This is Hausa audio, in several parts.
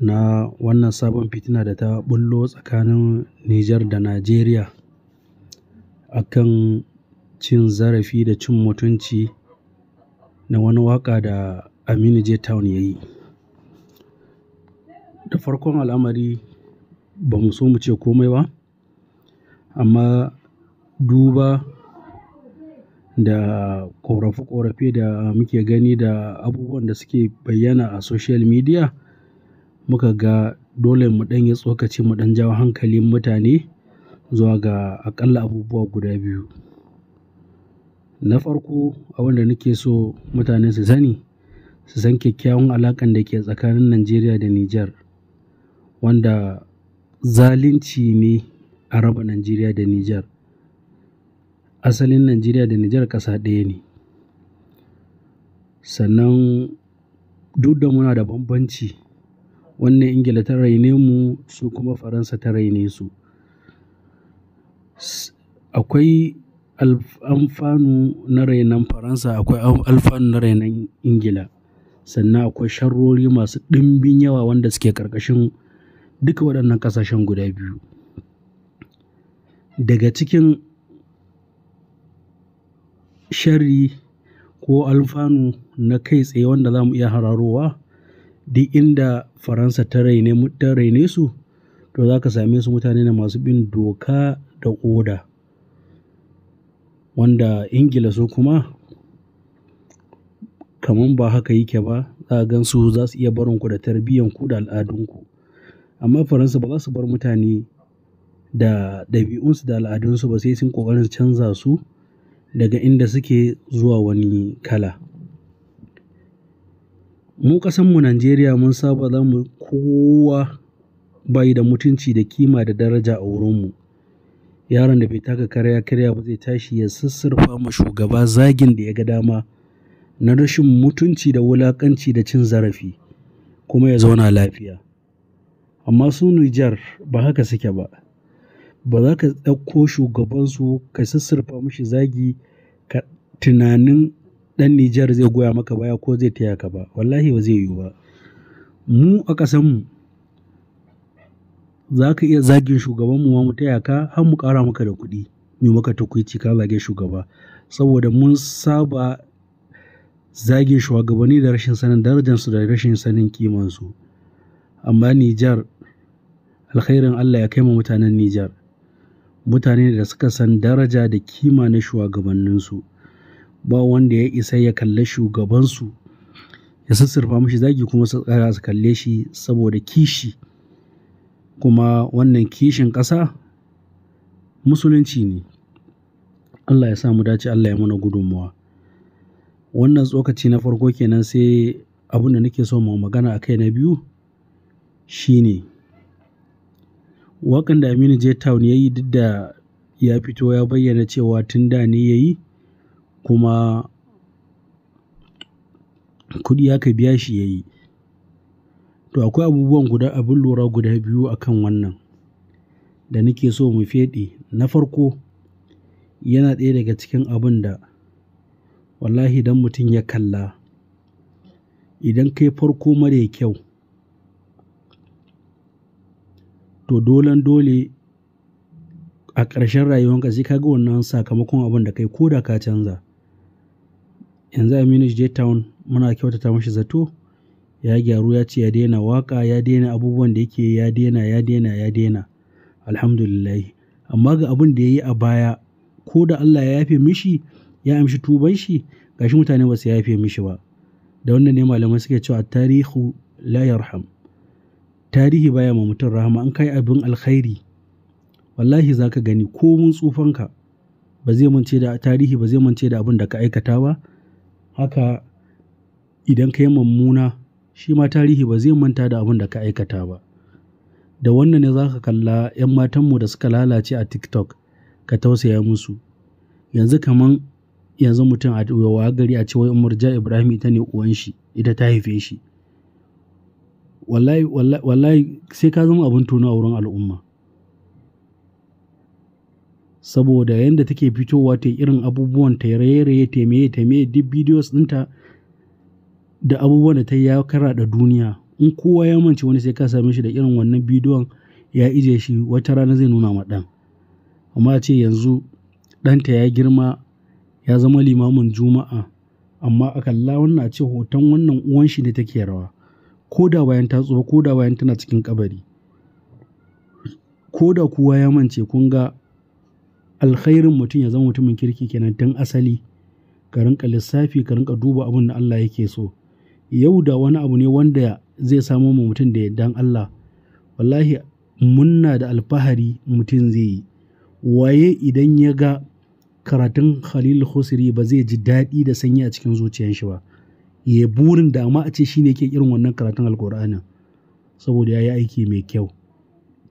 na wannan sabon fitina da ta bullo tsakanin Nijar da Najeriya akan cin zarafi da cin mutunci na wani waka da Aminu J Town ya yi. Da farkon al'amari ba mu so mu ce komai ba, amma duba da ƙorafe-ƙorafe da muke gani da abubuwan da suke bayyana a social media. muka ga dole mu ɗan yi tsokaci, mu ɗan jawo hankalin mutane zuwa ga aƙalla abubuwa guda biyu. Na farko, abin da nake so mutane su sani, su san kyakkyawan alaƙan da ke tsakanin Najeriya da Nijar, wanda zalunci ne a raba Najeriya da Nijar. Asalin Najeriya da Nijar ƙasa ɗaya ne. Sannan duk da muna da bambanci wannan ingila ta raine mu su kuma faransa ta raine su akwai alfanu na rainon faransa akwai alfanu na rainan ingila sannan akwai sharrori masu ɗimbin yawa wanda suke ƙarƙashin duka waɗannan ƙasashen guda biyu daga cikin sharri ko alfanu na kai tsaye wanda za mu iya hararowa duk inda Faransa ta raine, ta raine su to za ka same su mutane na masu bin doka da oda. Wanda Ingila su kuma kamar ba haka yake ba, za ka gan su za su iya barinku da tarbiyyar ku da al'adunku. Amma Faransa ba za su bar mutane da ɗabi'unsu da al'adunsu ba sai sun ƙoƙarin canza su daga inda suke zuwa wani kala. Mu ƙasanmu Najeriya mun saba za mu kowa bai da mutunci da kima da daraja a wurinmu. Yaron da bai taka karya karya ba zai tashi ya sassurfa ma shugaba zagin da ya ga dama na rashin mutunci da wulaƙanci da cin zarafi kuma ya zauna lafiya. Amma su Nijar ba haka suke ba. Ba za ka ɗauko shugabansu ka sassurfa mashi zagi ka tunanin ɗan Nijar zai goya maka baya ko zai taya ka ba. Wallahi ba zai yiwu ba. Mu a mu. za ka iya zagin shugabanmu ma mu taya ka har mu ƙara maka da kuɗi mu maka tukuici ka zage shugaba. Saboda mun saba zagin shugabanni da rashin sanin darajarsu da rashin sanin kimansu, Amma Nijar alkhairin Allah ya kai ma mutanen Nijar. Mutane da suka san daraja da kima na shugabanninsu. ba wanda ya isa ya kalle shugabansu ya sassurfa mashi zagi kuma su tsaya su kalle shi saboda kishi kuma wannan kishin ƙasa musulunci ne Allah ya sa mu dace Allah ya mana gudunmuwa wannan tsokaci na farko kenan sai abin da nake so mu magana a kai na biyu shine wakan da Aminu J yayi ya yi duk da ya fito ya bayyana cewa tun da ne ya yi kuma kuɗi aka biya shi ya yi. To akwai abubuwan guda abin lura guda biyu a kan wannan da nake so mu feɗe. Na farko, yana ɗaya daga cikin abinda da wallahi idan mutum ya kalla, idan kai farko mara kyau, to dolan dole a ƙarshen rayuwanka sai ka ga wannan sakamakon abin da kai ko da ka canza. yanzu Aminu J Town muna kyautata mashi zato ya gyaru ya ce ya daina waka ya daina abubuwan da yake ya daina ya daina ya daina alhamdulillah amma ga abin da ya yi a baya ko da Allah ya yafe mishi ya amshi tuban shi gashi mutane ba su yafe mishi ba da wannan ne malamai suke cewa tarihu la yarham tarihi baya ma mutum rahama an kai abin alkhairi wallahi zaka gani ko mun tsufanka ba zai mance da tarihi ba zai mance da abin da ka aikata ba Haka idan ka yi mummuna shi ma tarihi ba zai manta da abin da ka aikata ba. Da wannan ne za ka kalla 'yan matanmu da suka lalace a TikTok ka tausaya musu. Yanzu kamar yanzu mutum a wa gari a cewa umar ja Ibrahim ita ne uwan shi, ita ta haife shi. Wallahi, wallahi, sai ka zama abin tono a wurin al'umma. saboda yadda take fitowa ta irin abubuwan ta raye-raye ta yi duk bidiyos ɗinta da abubuwan da ta yi ya da duniya in kowa ya mance wani sai ka same shi da irin wannan bidiyon ya ije shi wata rana zai nuna ma ɗan amma ce yanzu ɗanta ya girma ya zama limamin juma'a amma a kalla wannan ce hoton wannan uwan shi ne take rawa ko da bayan ta tsufa ko da bayan tana cikin kabari ko da kowa ya mance kun ga alkhairin mutum ya zama mutumin kirki kenan tun asali ka rinka lissafi ka rinka duba abin da Allah yake so yau da wani abu ne wanda zai samo ma mutum da yardan Allah wallahi munna da alfahari mutum zai yi waye idan ya ga karatun Khalil Khusri ba zai ji daɗi da sanyi a cikin zuciyar shi ba ya burin da amma a ce ne ke irin wannan karatun alkur'ani saboda ya yi aiki mai kyau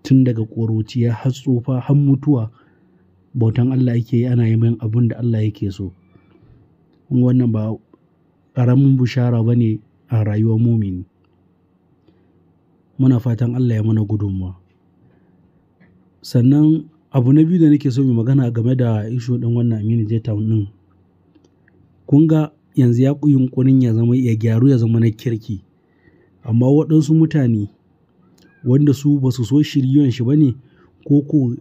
tun daga ƙoroci ya har tsufa har mutuwa bautan Allah yake yi ana yi min abun da Allah yake so wannan ba ƙaramin bushara ba ne a rayuwar mumini muna fatan Allah ya mana gudunmuwa sannan abu na biyu da nake so mai magana game da isho ɗin wannan amini jetown ɗin kun ga yanzu ya yunkurin ya zama ya gyaru ya zama na kirki amma waɗansu mutane wanda su ba su so shiryuwan shi ba ne ko ko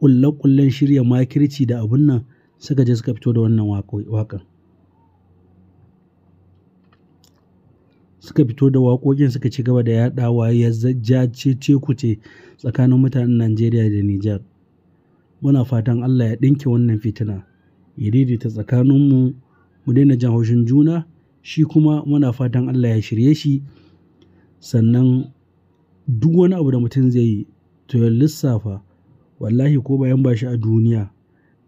ƙulle-ƙullen shirya makirci da abun nan suka je suka fito da wannan waƙan suka fito da waƙoƙin suka ci gaba da yaɗawa ya ku kuce tsakanin mutanen najeriya da nijar muna fatan allah ya ɗinke wannan fitina ya daidaita tsakaninmu mu daina jan haushin juna shi kuma muna fatan allah ya shirye shi sannan duk wani abu da mutum zai yi to ya lissafa Wallahi ko bayan ba shi a duniya,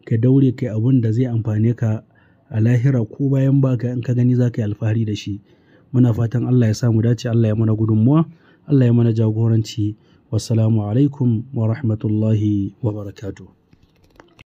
ka daure kai abun da zai amfane ka a lahira ko bayan ba ka in ka gani za ka yi alfahari da shi. Muna fatan Allah ya samu dace, Allah ya mana gudunmuwa Allah ya mana jagoranci. Wassalamu alaikum wa rahmatullahi wa barakatuh.